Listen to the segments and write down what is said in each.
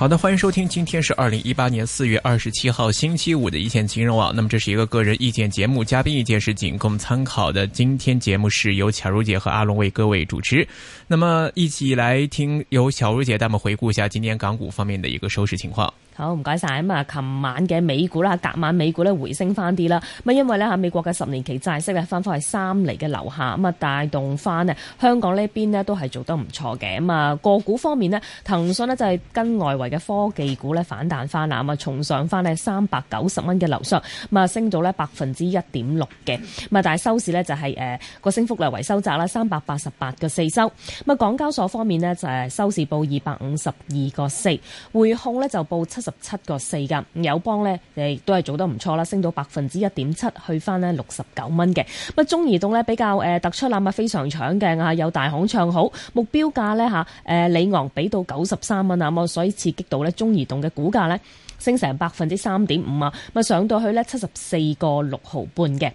好的，歡迎收聽，今天是二零一八年四月二十七號星期五的一線金融網。那麼這是一個個人意見節目，嘉賓意見是僅供參考的。今天節目是由巧如姐和阿龍為各位主持，那麼一起來聽由巧如姐帶我回顧一下今天港股方面的一個收市情況。好，唔該晒。咁啊，琴晚嘅美股啦，隔晚美股咧回升翻啲啦。咁因為咧美國嘅十年期債息咧翻翻去三厘嘅樓下，咁啊帶動翻咧香港呢邊咧都係做得唔錯嘅。咁啊，個股方面咧，騰訊咧就係跟外圍。嘅科技股咧反彈翻啦，咁啊重上翻呢，三百九十蚊嘅樓上，咁啊升到呢，百分之一點六嘅，咁啊但係收市呢，就係誒個升幅略為收窄啦，三百八十八個四收，咁啊港交所方面呢，就係收市報二百五十二個四，匯控呢，就報七十七個四噶，友邦呢，亦都係做得唔錯啦，升到百分之一點七，去翻呢，六十九蚊嘅，咁啊中移動呢，比較誒突出啦，咁啊非常搶鏡啊，有大行唱好，目標價呢，嚇誒里昂俾到九十三蚊啊，咁啊所以設，到咧中移動嘅股價升成百分之三點五啊，上到去七十四個六毫半嘅。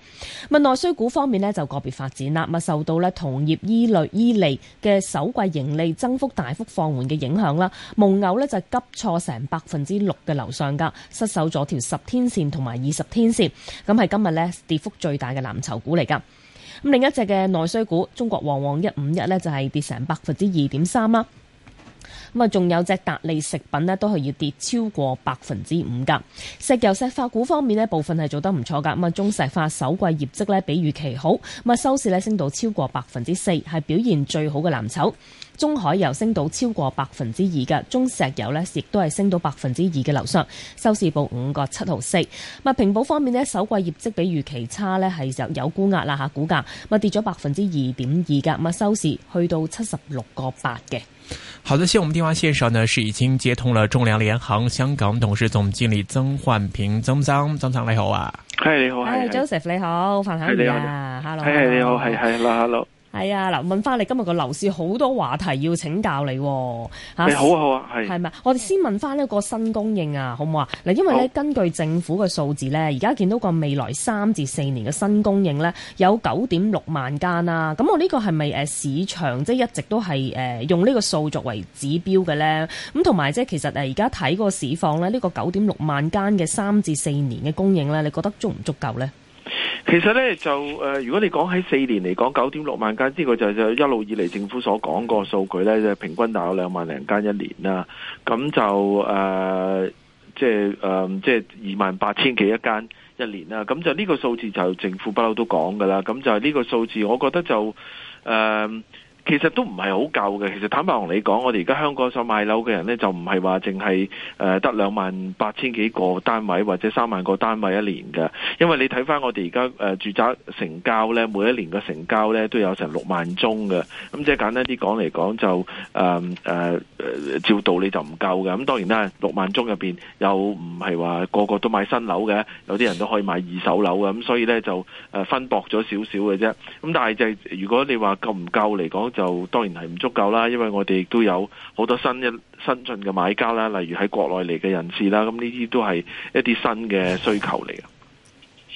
咪內需股方面就個別發展啦，受到同業依類伊利嘅首季盈利增幅大幅放緩嘅影響啦。蒙牛就急挫成百分之六嘅樓上噶，失守咗條十天綫同埋二十天綫。咁係今日咧跌幅最大嘅藍籌股嚟噶。咁另一隻嘅內需股中國旺旺一五一就係跌成百分之二點三啦。咁啊，仲有隻達利食品呢，都係要跌超過百分之五噶。石油石化股方面呢，部分係做得唔錯噶。咁啊，中石化首季業績呢，比預期好。咁啊，收市呢，升到超過百分之四，係表現最好嘅藍籌。中海油升到超過百分之二㗎，中石油呢亦都係升到百分之二嘅樓上，收市報五個七毫四。物平保方面呢，首季業績比預期差呢係有有沽壓啦吓，股價咪跌咗百分之二點二噶，物收市去到七十六個八嘅。好的，先我們電話線上呢，是已經接通了仲量聯行香港董事總經理曾煥平增，曾生，曾生你好啊，嗨，你好，嗨，Joseph 你好，范肯你好，Hello 係你好，係 Hello 係啊，嗱，問翻你今日個樓市好多話題要請教你，啊，係好啊，好啊，係。係咪？我哋先問翻一個新供應啊，好唔好啊？嗱，因為咧根據政府嘅數字咧，而家見到個未來三至四年嘅新供應咧有九點六萬間啦。咁我呢個係咪誒市場即係一直都係誒用呢個數作為指標嘅咧？咁同埋即係其實誒而家睇個市況咧，呢個九點六萬間嘅三至四年嘅供應咧，你覺得足唔足夠咧？其實呢，就誒、呃，如果你講喺四年嚟講九點六萬間，呢、這個就就一路以嚟政府所講個數據呢，就是、平均大約兩萬零間一年啦。咁就誒，即係誒，即係二萬八千幾一間一年啦。咁就呢個數字就政府不嬲都講噶啦。咁就係呢個數字，我覺得就誒。呃其實都唔係好夠嘅。其實坦白同你講，我哋而家香港想買樓嘅人呢，就唔係話淨係誒得兩萬八千幾個單位或者三萬個單位一年嘅。因為你睇返我哋而家誒住宅成交呢，每一年嘅成交呢都有成六萬宗嘅。咁、嗯、即係簡單啲講嚟講就誒誒、呃呃、照道理就唔夠嘅。咁、嗯、當然啦，六萬宗入邊又唔係話個個都買新樓嘅，有啲人都可以買二手樓嘅。咁、嗯、所以呢，就誒、呃、分薄咗少少嘅啫。咁、嗯、但係就係、如果你話夠唔夠嚟講？就當然係唔足夠啦，因為我哋亦都有好多新一新進嘅買家啦，例如喺國內嚟嘅人士啦，咁呢啲都係一啲新嘅需求嚟嘅。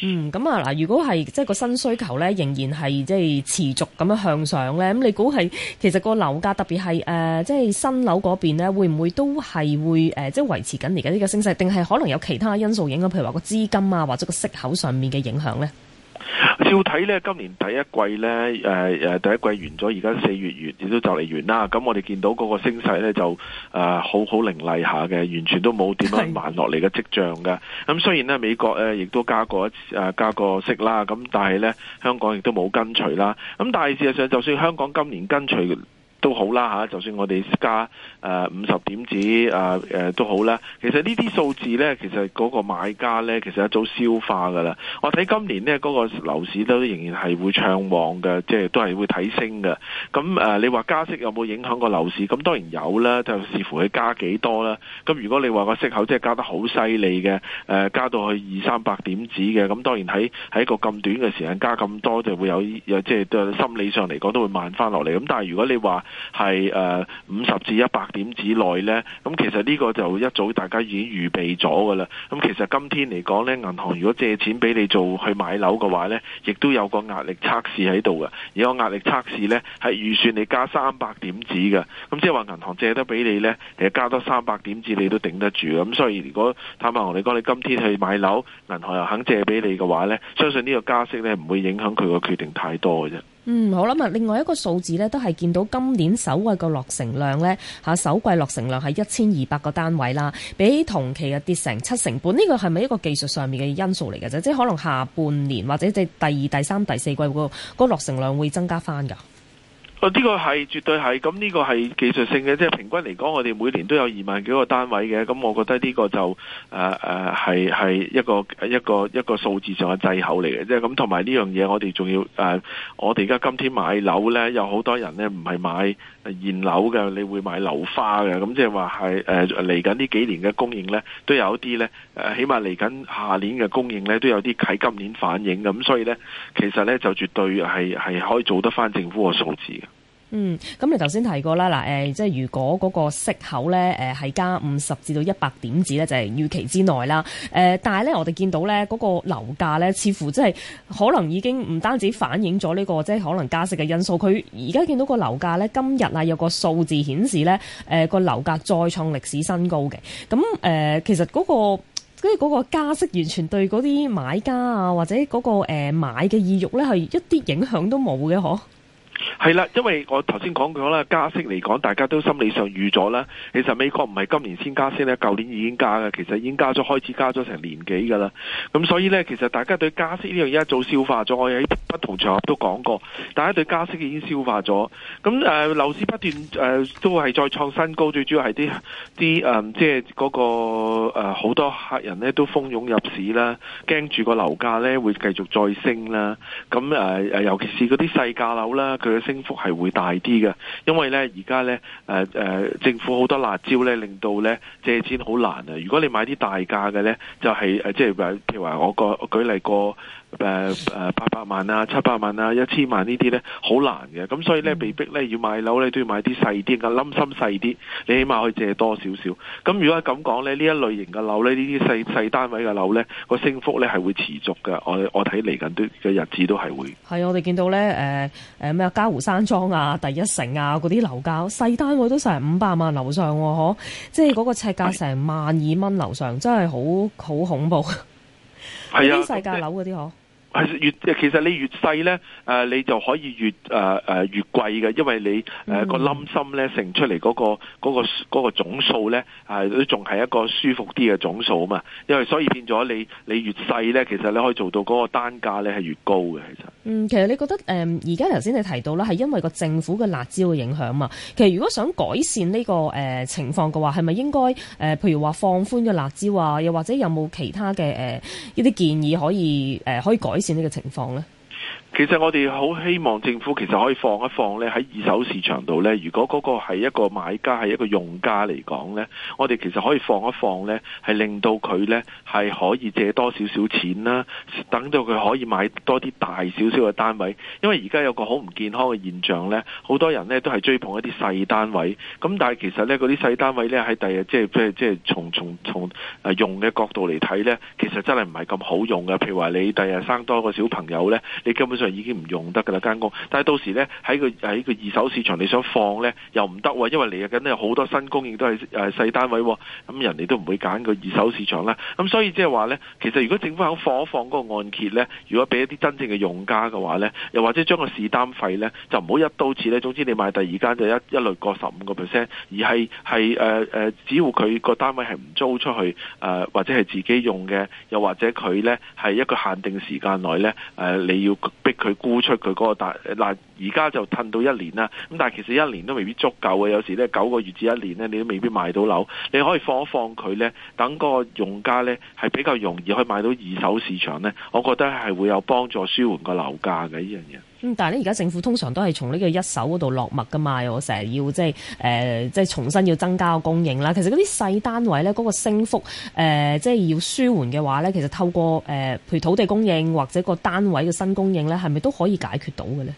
嗯，咁啊嗱，如果係即係個新需求咧，仍然係即係持續咁樣向上咧，咁你估係其實個樓價特別係誒即係新樓嗰邊咧，會唔會都係會誒即係維持緊而家呢個升勢，定係可能有其他因素影響，譬如話個資金啊，或者個息口上面嘅影響咧？照睇呢，今年第一季呢，誒、呃、誒，第一季完咗，而家四月完，亦都就嚟完啦。咁我哋見到嗰個升勢呢，就誒、呃、好好凌厲下嘅，完全都冇點樣慢落嚟嘅跡象嘅。咁雖然呢，美國誒亦都加過一次，誒加過息啦。咁但係呢，香港亦都冇跟隨啦。咁但係事實上，就算香港今年跟隨。都好啦吓，就算我哋加誒五十點子誒、呃呃、都好啦。其實呢啲數字呢，其實嗰個買家呢，其實一早消化㗎啦。我睇今年呢，嗰個樓市都仍然係會暢旺嘅，即係都係會睇升嘅。咁誒、呃，你話加息有冇影響個樓市？咁當然有啦，就視乎佢加幾多啦。咁如果你話個息口即係加得好犀利嘅，誒、呃、加到去二三百點子嘅，咁當然喺喺一個咁短嘅時間加咁多，就會有有即係對心理上嚟講都會慢翻落嚟。咁但係如果你話，係誒五十至一百點子內呢，咁其實呢個就一早大家已經預備咗噶啦。咁其實今天嚟講呢，銀行如果借錢俾你做去買樓嘅話呢，亦都有個壓力測試喺度嘅。而個壓力測試呢，係預算你加三百點子嘅，咁即係話銀行借得俾你呢，其實加多三百點子你都頂得住。咁所以如果坦白同你講，你今天去買樓，銀行又肯借俾你嘅話呢，相信呢個加息呢，唔會影響佢個決定太多嘅啫。嗯，好啦，另外一個數字咧，都係見到今年首季個落成量咧，吓首季落成量係一千二百個單位啦，比起同期啊跌成七成半，呢個係咪一個技術上面嘅因素嚟嘅啫？即係可能下半年或者即係第二、第三、第四季個嗰落成量會增加翻噶。呢個係絕對係，咁、這、呢個係技術性嘅，即係平均嚟講，我哋每年都有二萬幾個單位嘅，咁我覺得呢個就誒誒係係一個一個一個數字上嘅滯後嚟嘅，即係咁同埋呢樣嘢，我哋仲要誒，我哋而家今天買樓呢，有好多人呢唔係買現樓嘅，你會買樓花嘅，咁即係話係誒嚟緊呢幾年嘅供應呢，都有一啲呢，誒起碼嚟緊下年嘅供應呢，都有啲喺今年反映嘅，咁所以呢，其實呢就絕對係係可以做得翻政府個數字嘅。嗯，咁你頭先提過啦，嗱，誒，即係如果嗰個息口咧，誒，係加五十至到一百點子咧，就係、是、預期之內啦。誒，但係咧，我哋見到咧嗰個樓價咧，似乎即係可能已經唔單止反映咗呢個即係可能加息嘅因素。佢而家見到個樓價咧，今日啊有個數字顯示咧，個、呃、樓價再創歷史新高嘅。咁、呃、其實嗰、個即係嗰、個加息完全對嗰啲買家啊，或者嗰、個、呃、買嘅意欲咧，係一啲影響都冇嘅，呵？係啦，因為我頭先講講啦，加息嚟講，大家都心理上預咗啦。其實美國唔係今年先加息咧，舊年已經加嘅，其實已經加咗，開始加咗成年幾噶啦。咁所以呢，其實大家對加息呢樣嘢一早消化咗。我喺不同場合都講過，大家對加息已經消化咗。咁誒、呃，樓市不斷誒、呃，都係再創新高，最主要係啲啲誒，即係嗰、那個誒，好、呃、多客人呢都蜂擁入市啦，驚住個樓價呢會繼續再升啦。咁誒、呃、尤其是嗰啲細價樓啦，佢升幅係會大啲嘅，因為呢而家呢，誒、呃、誒，政府好多辣椒呢，令到呢借錢好難啊！如果你買啲大價嘅呢，就係即係譬如話我個舉例個誒誒八百萬啊、七百萬啊、一千萬呢啲呢，好難嘅。咁所以呢，被逼呢要買樓呢，都要買啲細啲嘅冧心細啲，你、嗯、起碼可以借多少少。咁如果係咁講呢，呢一類型嘅樓呢，呢啲細細單位嘅樓呢，個升幅呢係會持續嘅。我我睇嚟緊都嘅日子都係會。係我哋見到誒誒咩交山莊啊，第一城啊，嗰啲樓價細單位都成五百萬樓上喎，嗬的，即係嗰個尺價成萬二蚊樓上，真係好好恐怖，係的 啊，細價樓嗰啲嗬。係越其實你越細咧，誒你就可以越誒誒、呃、越貴嘅，因為你誒、呃嗯、個冧心咧成出嚟嗰、嗰個、嗰個、嗰個總數咧，係都仲係一個舒服啲嘅總數啊嘛。因為所以變咗你你越細咧，其實你可以做到嗰個單價咧，係越高嘅其實。嗯，其實你覺得誒而家頭先你提到啦，係因為個政府嘅辣椒嘅影響嘛。其實如果想改善呢、呢個誒、呃、情況嘅話，係咪應該誒、呃、譬如話放寬嘅辣椒啊，又或者有冇其他嘅誒呢啲建議可以誒、呃、可以改善，呢個情況咧？其實我哋好希望政府其實可以放一放呢，喺二手市場度呢，如果嗰個係一個買家係一個用家嚟講呢，我哋其實可以放一放呢，係令到佢呢係可以借多少少錢啦，等到佢可以買多啲大少少嘅單位。因為而家有個好唔健康嘅現象呢，好多人呢都係追捧一啲細單位。咁但係其實呢嗰啲細單位呢，喺第日即係即係即係從從從啊用嘅角度嚟睇呢，其實真係唔係咁好用嘅。譬如話你第日，日生多個小朋友呢，你根本上已經唔用得噶啦，間屋。但係到時呢，喺個喺個二手市場，你想放呢，又唔得，因為嚟緊咧有好多新供應都係誒細單位，哦、咁、嗯、人哋都唔會揀個二手市場啦。咁、嗯、所以即係話呢，其實如果政府肯放一放嗰個按揭呢，如果俾一啲真正嘅用家嘅話呢，又或者將個市單費呢，就唔好一刀切呢。總之你買第二間就一一律過十五個 percent，而係係誒誒，只要佢個單位係唔租出去誒、呃，或者係自己用嘅，又或者佢呢係一個限定時間內呢，誒、呃，你要逼。佢估出佢嗰個大嗱，而家就褪到一年啦。咁但係其實一年都未必足夠嘅，有時咧九個月至一年咧，你都未必買到樓。你可以放一放佢咧，等個用家咧係比較容易可以買到二手市場咧，我覺得係會有幫助舒緩，舒緩個樓價嘅呢樣嘢。但係咧，而家政府通常都係從呢個一手嗰度落墨噶嘛，我成日要即係，誒、呃，即係重新要增加供應啦。其實嗰啲細單位咧，嗰個升幅，誒、呃，即係要舒緩嘅話咧，其實透過，誒、呃，譬如土地供應或者個單位嘅新供應咧，係咪都可以解決到嘅咧？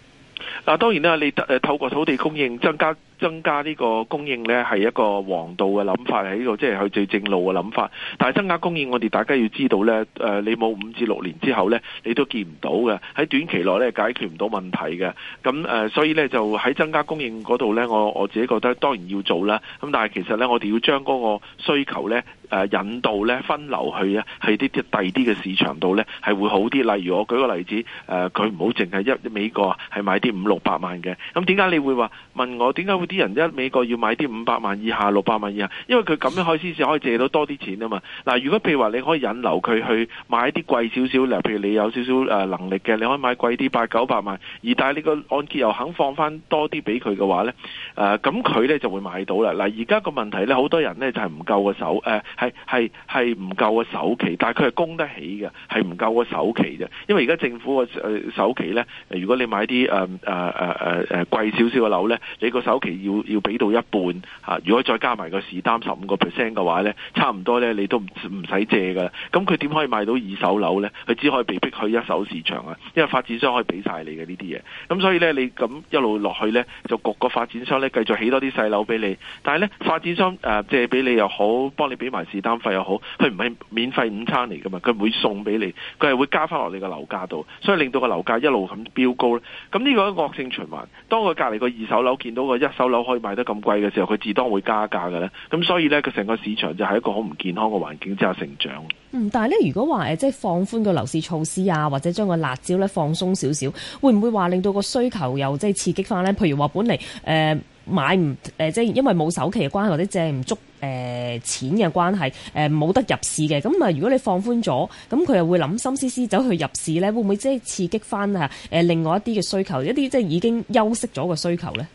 嗱，當然啦，你誒透過土地供應增加。增加呢個供應呢，係一個王道嘅諗法，係呢個即係佢最正路嘅諗法。但係增加供應，我哋大家要知道呢，誒你冇五至六年之後呢，你都見唔到嘅。喺短期內呢，解決唔到問題嘅。咁誒，所以呢，就喺增加供應嗰度呢，我我自己覺得當然要做啦。咁但係其實呢，我哋要將嗰個需求呢，誒引導呢，分流去喺啲啲低啲嘅市場度呢，係會好啲。例如我舉個例子誒，佢唔好淨係一美國係買啲五六百萬嘅。咁點解你會話問我點解會？啲人一美國要買啲五百萬以下六百萬以下，因為佢咁樣開先至可以借到多啲錢啊嘛。嗱、啊，如果譬如話你可以引流佢去買啲貴少少咧，譬如你有少少誒能力嘅，你可以買貴啲八九百萬，而但係你個按揭又肯放翻多啲俾佢嘅話咧，誒咁佢咧就會買到啦。嗱、啊，而家個問題咧，好多人咧就係、是、唔夠個首誒係係係唔夠個首期，但係佢係供得起嘅，係唔夠個首期嘅。因為而家政府個首期咧，如果你買啲誒誒誒誒誒貴少少嘅樓咧，你個首期。要要俾到一半、啊、如果再加埋個市擔十五個 percent 嘅話咧，差唔多咧，你都唔唔使借啦。咁佢點可以買到二手樓咧？佢只可以被逼迫去一手市場啊！因為發展商可以俾曬你嘅呢啲嘢，咁所以咧，你咁一路落去咧，就焗個發展商咧繼續起多啲細樓俾你。但係咧，發展商、呃、借俾你又好，幫你俾埋市擔費又好，佢唔係免費午餐嚟㗎嘛，佢唔會送俾你，佢係會加翻落你個樓價度，所以令到個樓價一路咁飆高咧。咁呢個惡性循環，當佢隔離個二手樓見到個一手。樓可以賣得咁貴嘅時候，佢自當會加價嘅咧。咁所以咧，佢成個市場就係一個好唔健康嘅環境之下成長。嗯，但係咧，如果話誒，即係放寬個樓市措施啊，或者將個辣招咧放鬆少少，會唔會話令到個需求又即係刺激翻咧？譬如話本嚟誒、呃、買唔誒、呃，即係因為冇首期嘅關係或者借唔足誒錢嘅關係誒，冇、呃、得入市嘅咁啊。如果你放寬咗，咁佢又會諗心思思走去入市咧，會唔會即係刺激翻啊？誒、呃，另外一啲嘅需求，一啲即係已經休息咗嘅需求咧？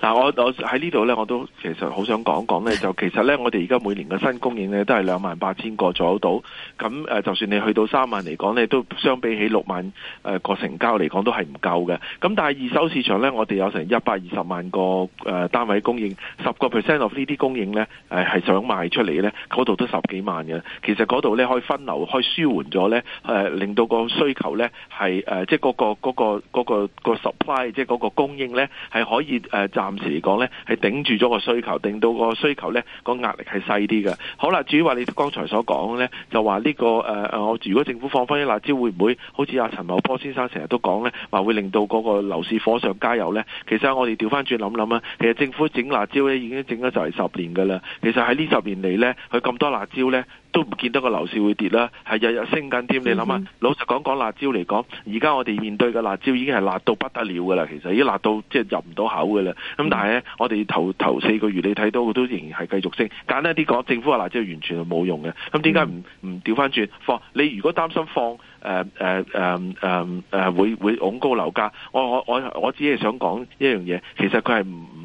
嗱、啊，我我喺呢度咧，我都其實好想講講咧，就其實咧，我哋而家每年嘅新供應咧都係兩萬八千個左右到，咁誒，就算你去到三萬嚟講咧，都相比起六萬誒個成交嚟講都係唔夠嘅。咁但係二手市場咧，我哋有成一百二十萬個誒單位供應，十個 percent of 呢啲供應咧誒係想賣出嚟咧，嗰度都十幾萬嘅。其實嗰度咧可以分流，可以舒緩咗咧誒，令到個需求咧係誒，即係嗰個嗰、嗰個嗰、嗰個、嗰個 supply，即係嗰個供應咧係、就是、可以誒、呃暫時嚟講呢係頂住咗個需求，頂到個需求呢個壓力係細啲嘅。好啦，至於話你剛才所講呢，就話呢、這個誒誒，我、呃、如果政府放翻啲辣椒，會唔會好似阿陳茂波先生成日都講呢？話會令到嗰個樓市火上加油呢？其實我哋調翻轉諗諗啊，其實政府整辣椒呢，已經整咗就係十年噶啦。其實喺呢十年嚟呢，佢咁多辣椒呢，都唔見得個樓市會跌啦，係日日升緊添。你諗下，嗯嗯老實講，講辣椒嚟講，而家我哋面對嘅辣椒已經係辣到不得了噶啦。其實已經辣到即係、就是、入唔到口噶啦。咁但係咧，我哋頭頭四個月你睇到都仍然係繼續升。簡單啲講，政府話辣招完全係冇用嘅。咁點解唔唔調返轉放？你如果擔心放？誒誒誒誒誒會會昂高樓價，我我我我只係想講一樣嘢，其實佢係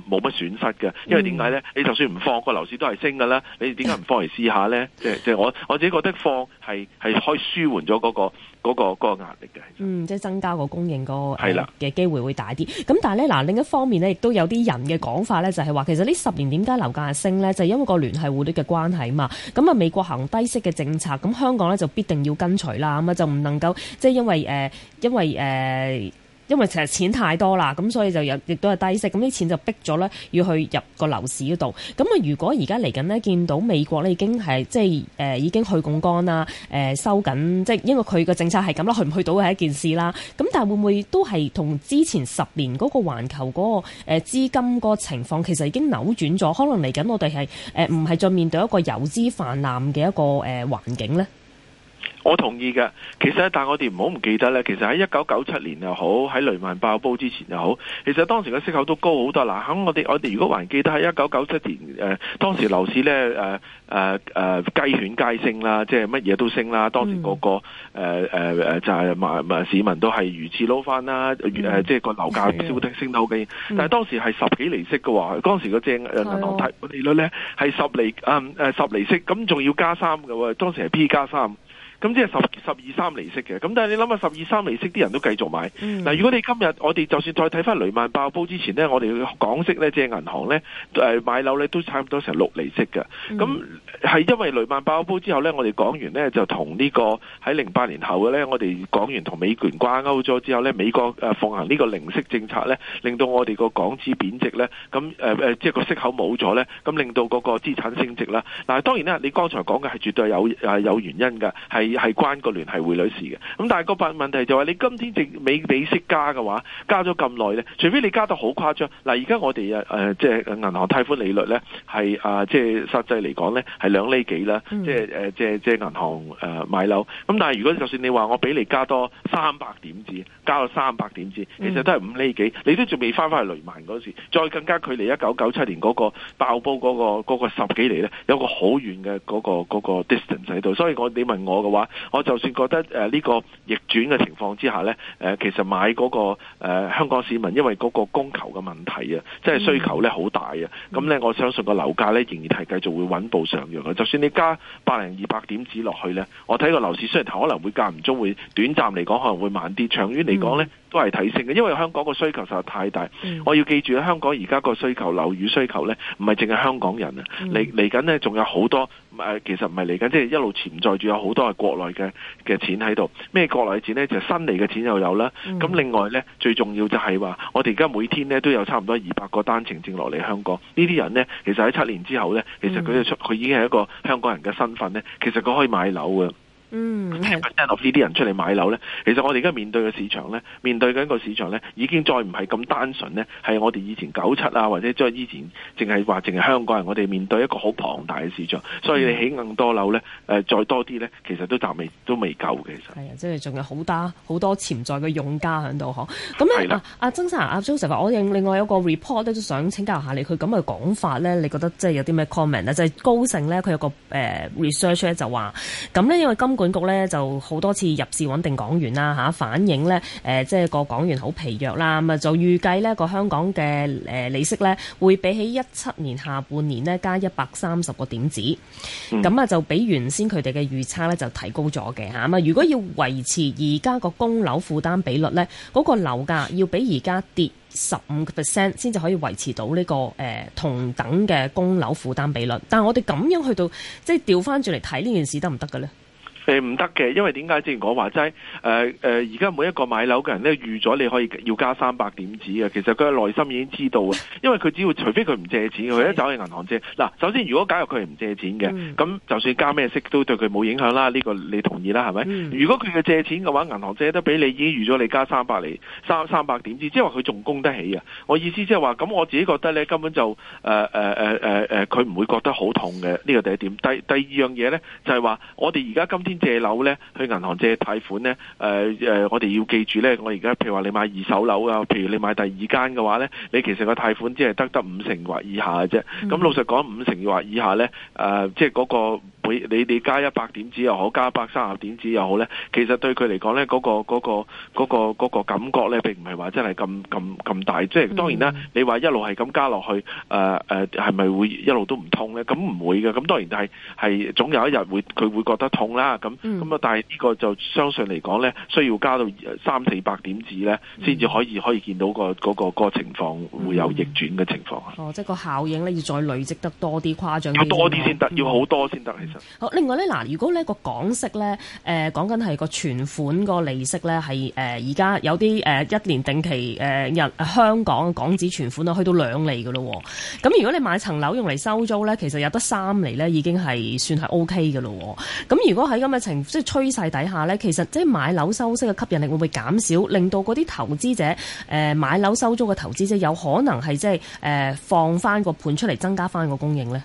冇乜損失嘅，因為點解咧？你就算唔放個樓市都係升㗎啦，你點解唔放嚟試下咧？即係即係我我自己覺得放係係可以舒緩咗嗰個嗰個嗰個壓力嘅。嗯，即係增加個供應個係啦嘅機會會大啲。咁但係咧嗱，另一方面咧，亦都有啲人嘅講法咧，就係話其實呢十年點解樓價係升咧，就係因為個聯繫匯率嘅關係啊嘛。咁啊，美國行低息嘅政策，咁香港咧就必定要跟隨啦。咁啊就唔能能夠即係因為誒、呃，因為誒、呃，因為其實錢太多啦，咁所以就有亦都係低息，咁啲錢就逼咗咧要去入個樓市嗰度。咁啊，如果而家嚟緊呢，見到美國已經係即係誒、呃、已經去槓桿啦，誒、呃、收緊，即係因為佢個政策係咁啦，去唔去到係一件事啦。咁但係會唔會都係同之前十年嗰個環球嗰個誒資金個情況，其實已經扭轉咗，可能嚟緊我哋係誒唔係再面對一個游資泛濫嘅一個誒環境呢？我同意嘅，其實但係我哋唔好唔記得咧。其實喺一九九七年又好，喺雷曼爆煲之前又好，其實當時嘅息口都高好多。嗱，我哋我哋如果還記得喺一九九七年，誒、呃、當時樓市咧，誒誒誒雞犬皆升啦，即係乜嘢都升啦。當時、那個個誒誒就係、是、市民都係魚翅撈翻啦，即係、嗯呃就是、個樓價飆得升到極。的但係當時係十幾釐息嘅喎，當時個正銀行貸利率咧係十釐，誒十的厘、嗯、厘息，咁仲要加三嘅喎，當時係 P 加三。3, 咁即係十十二三釐息嘅，咁但係你諗下十二三釐息啲人都繼續買。嗱、嗯，如果你今日我哋就算再睇翻雷曼爆煲之前呢，我哋港息呢，即係銀行呢，誒買樓呢都差唔多成六厘息嘅。咁係、嗯、因為雷曼爆煲之後呢，我哋講完呢就同呢、這個喺零八年後嘅呢，我哋講完同美元掛鈎咗之後呢，美國誒奉行呢個零息政策呢，令到我哋個港紙貶值呢，咁誒即係個息口冇咗呢，咁令到嗰個資產升值啦。嗱，當然呢，你剛才講嘅係絕對有有原因嘅，係。係關聯繫個聯繫匯率事嘅，咁但係個問問題就係你今天淨未美息加嘅話，加咗咁耐咧，除非你加得好誇張。嗱，而家我哋啊誒，即係銀行貸款利率咧，係啊、呃，即係實際嚟講咧，係兩釐幾啦。即係誒、呃，即係即係銀行誒、呃、買樓。咁但係如果就算你話我畀你加多三百點子，加到三百點子，其實都係五厘幾，你都仲未翻翻去雷曼嗰時，再更加距離一九九七年嗰個爆煲嗰、嗰個、嗰個十幾厘咧，有個好遠嘅嗰個、嗰個 distance 喺度。所以我你問我嘅話。我就算覺得誒呢個逆轉嘅情況之下呢，其實買嗰個香港市民因為嗰個供求嘅問題啊，即係需求呢好大啊，咁呢、嗯，我相信個樓價呢仍然係繼續會穩步上揚嘅。就算你加百零二百點子落去呢，我睇個樓市雖然可能會間唔中會短暫嚟講可能會慢啲，長遠嚟講呢，嗯都係提升嘅，因為香港個需求實在太大。嗯、我要記住香港而家個需求、樓宇需求呢，唔係淨係香港人啊，嚟嚟緊呢。仲有好多誒，其實唔係嚟緊，即係一路潛在住有好多係國內嘅嘅錢喺度。咩國內嘅錢咧？就係、新嚟嘅錢又有啦。咁、嗯、另外呢，最重要就係話，我哋而家每天呢都有差唔多二百個單程證落嚟香港。呢啲人呢，其實喺七年之後呢，其實佢要出，佢、嗯、已經係一個香港人嘅身份呢。其實佢可以買樓嘅。嗯，咁呢啲人出嚟買樓咧，其實我哋而家面對嘅市場咧，面對緊一個市場咧，已經再唔係咁單純咧，係我哋以前九七啊，或者即係以前淨係話淨係香港人，我哋面對一個好龐大嘅市場，所以你起更多樓咧，誒、呃，再多啲咧，其實都暫未都未夠嘅。其實係啊，即係仲有好多好多潛在嘅用家喺度呵。咁咧的啊，阿曾生阿 Joseph，我另外有個 report 都想請教下你，佢咁嘅講法咧，你覺得即係有啲咩 comment 咧？就係高盛咧，佢有個誒 research 咧，就話咁呢，因為今管局咧就好多次入市穩定港元啦，吓反映咧誒，即係個港元好疲弱啦。咁啊，就預計呢個香港嘅誒利息咧會比起一七年下半年呢加一百三十個點子，咁啊就比原先佢哋嘅預測咧就提高咗嘅吓。咁啊，如果要維持而家個供樓負擔比率咧，嗰個樓價要比而家跌十五個 percent 先至可以維持到呢個誒同等嘅供樓負擔比率。但係我哋咁樣去到即係調翻轉嚟睇呢件事得唔得嘅咧？誒唔得嘅，因為點解之前我話齋誒誒而家每一個買樓嘅人咧預咗你可以要加三百點子嘅，其實佢內心已經知道啊，因為佢只要除非佢唔借錢，佢的一走去銀行借嗱。首先，如果假如佢係唔借錢嘅，咁、嗯、就算加咩息都對佢冇影響啦。呢、這個你同意啦，係咪？嗯、如果佢嘅借錢嘅話，銀行借都俾你已經預咗你加三百，嚟，三三百點子，即係話佢仲供得起啊。我意思即係話，咁我自己覺得咧，根本就誒誒誒誒誒，佢、呃、唔、呃呃呃、會覺得好痛嘅呢、這個第一點。第第二樣嘢咧就係話，我哋而家今先借樓咧，去銀行借貸款咧，誒、呃、誒，我哋要記住咧，我而家譬如話你買二手樓啊，譬如你買第二間嘅話咧，你其實個貸款只係得得五成或以下嘅啫。咁、嗯、老實講，五成或以下咧，誒、呃，即係嗰個。你你你加一百點子又好，加百三十點子又好咧，其實對佢嚟講咧，嗰個嗰個嗰個嗰個感覺咧，並唔係話真係咁咁咁大。即係當然啦，嗯、你話一路係咁加落去，誒係咪會一路都唔痛咧？咁唔會嘅。咁當然係係總有一日會佢會覺得痛啦。咁咁啊，嗯、但係呢個就相信嚟講咧，需要加到三四百點子咧，先至可以、嗯、可以見到個個個情況會有逆轉嘅情況哦，即係個效應咧，要再累積得多啲，誇張要多啲先得，嗯、要好多先得，其實。好，另外咧嗱，如果呢個港息咧，誒講緊係個存款個利息咧，係誒而家有啲誒、呃、一年定期誒、呃、香港港紙存款啊，去到兩厘㗎喇咯。咁如果你買層樓用嚟收租咧，其實有得三厘咧已經係算係 O K 嘅咯。咁如果喺咁嘅情，即係趨勢底下咧，其實即係買樓收息嘅吸引力會唔會減少，令到嗰啲投資者誒、呃、買樓收租嘅投資者有可能係即係放翻個盤出嚟，增加翻個供應咧？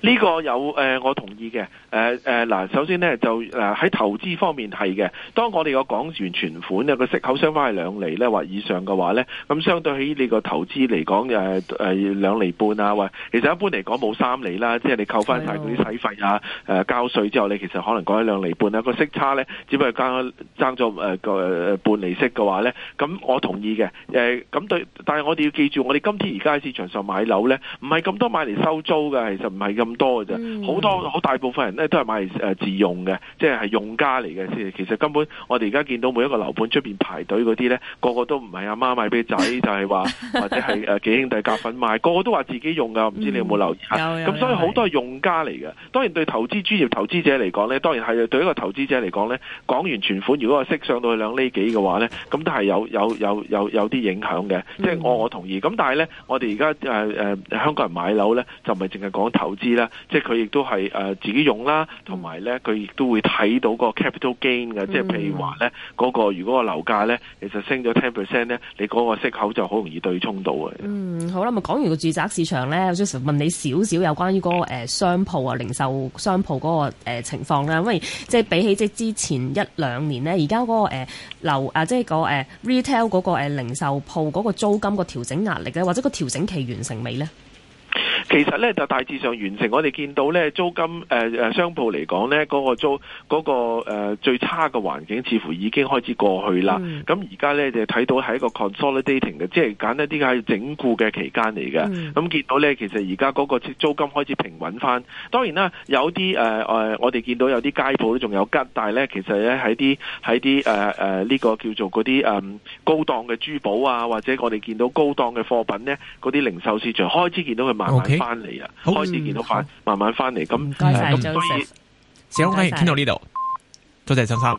呢個有誒、呃，我同意嘅。誒、呃、誒，嗱、呃，首先咧就誒喺、呃、投資方面係嘅。當我哋個港元存款咧個息口相差係兩厘咧或以上嘅話咧，咁相對起你個投資嚟講誒誒兩厘半啊，喂、呃，其實一般嚟講冇三厘啦，即係你扣翻晒啲使費啊誒、呃、交稅之後，你其實可能講咗兩厘半啦、啊。個息差咧只不過加爭咗誒個誒半厘息嘅話咧，咁我同意嘅。誒、呃、咁對，但係我哋要記住，我哋今次而家喺市場上買樓咧，唔係咁多買嚟收租嘅，其實唔係。咁、嗯、多嘅啫，好多好大部分人咧都係買誒、呃、自用嘅，即係係用家嚟嘅先。其實根本我哋而家見到每一個樓盤出邊排隊嗰啲咧，個個都唔係阿媽買俾仔， 就係話或者係誒幾兄弟夾份買，個個都話自己用噶。唔知你有冇留意？嗯、有有。咁所以好多係用家嚟嘅。當然對投資專業投資者嚟講咧，當然係對一個投資者嚟講咧，港元存款如果係息上到去兩厘幾嘅話咧，咁都係有有有有有啲影響嘅。嗯、即係我我同意。咁但係咧，我哋而家誒誒香港人買樓咧，就唔係淨係講投資啦，即係佢亦都係誒自己用啦，同埋咧佢亦都會睇到個 capital gain 嘅，即係譬如話咧嗰個如果個樓價咧其實升咗 ten percent 咧，你嗰個息口就好容易對沖到嘅。嗯，好啦，咪講完個住宅市場咧，我想問你少少有關於嗰個誒商鋪啊零售商鋪嗰個誒情況啦，因為即係比起即係之前一兩年咧，而家嗰個誒樓啊即係個誒 retail 嗰個誒零售鋪嗰個租金個調整壓力咧，或者個調整期完成未咧？其實咧就大致上完成，我哋見到咧租金誒誒、呃、商鋪嚟講咧，嗰、嗰個租嗰、嗰個、呃、最差嘅環境似乎已經開始過去啦。咁而家咧就睇到係一個 consolidating 嘅，即係簡單啲講係整固嘅期間嚟嘅。咁、嗯、見到咧，其實而家嗰個租金開始平穩翻。當然啦，有啲誒、呃、我哋見到有啲街鋪都仲有吉，但係咧其實咧喺啲喺啲誒呢、呃呃這個叫做嗰啲、嗯、高檔嘅珠寶啊，或者我哋見到高檔嘅貨品咧，嗰啲零售市場開始見到佢慢慢翻嚟啊，好開始見到翻，好慢慢翻嚟。咁咁，所以，好開心傾到呢度。多謝曾生。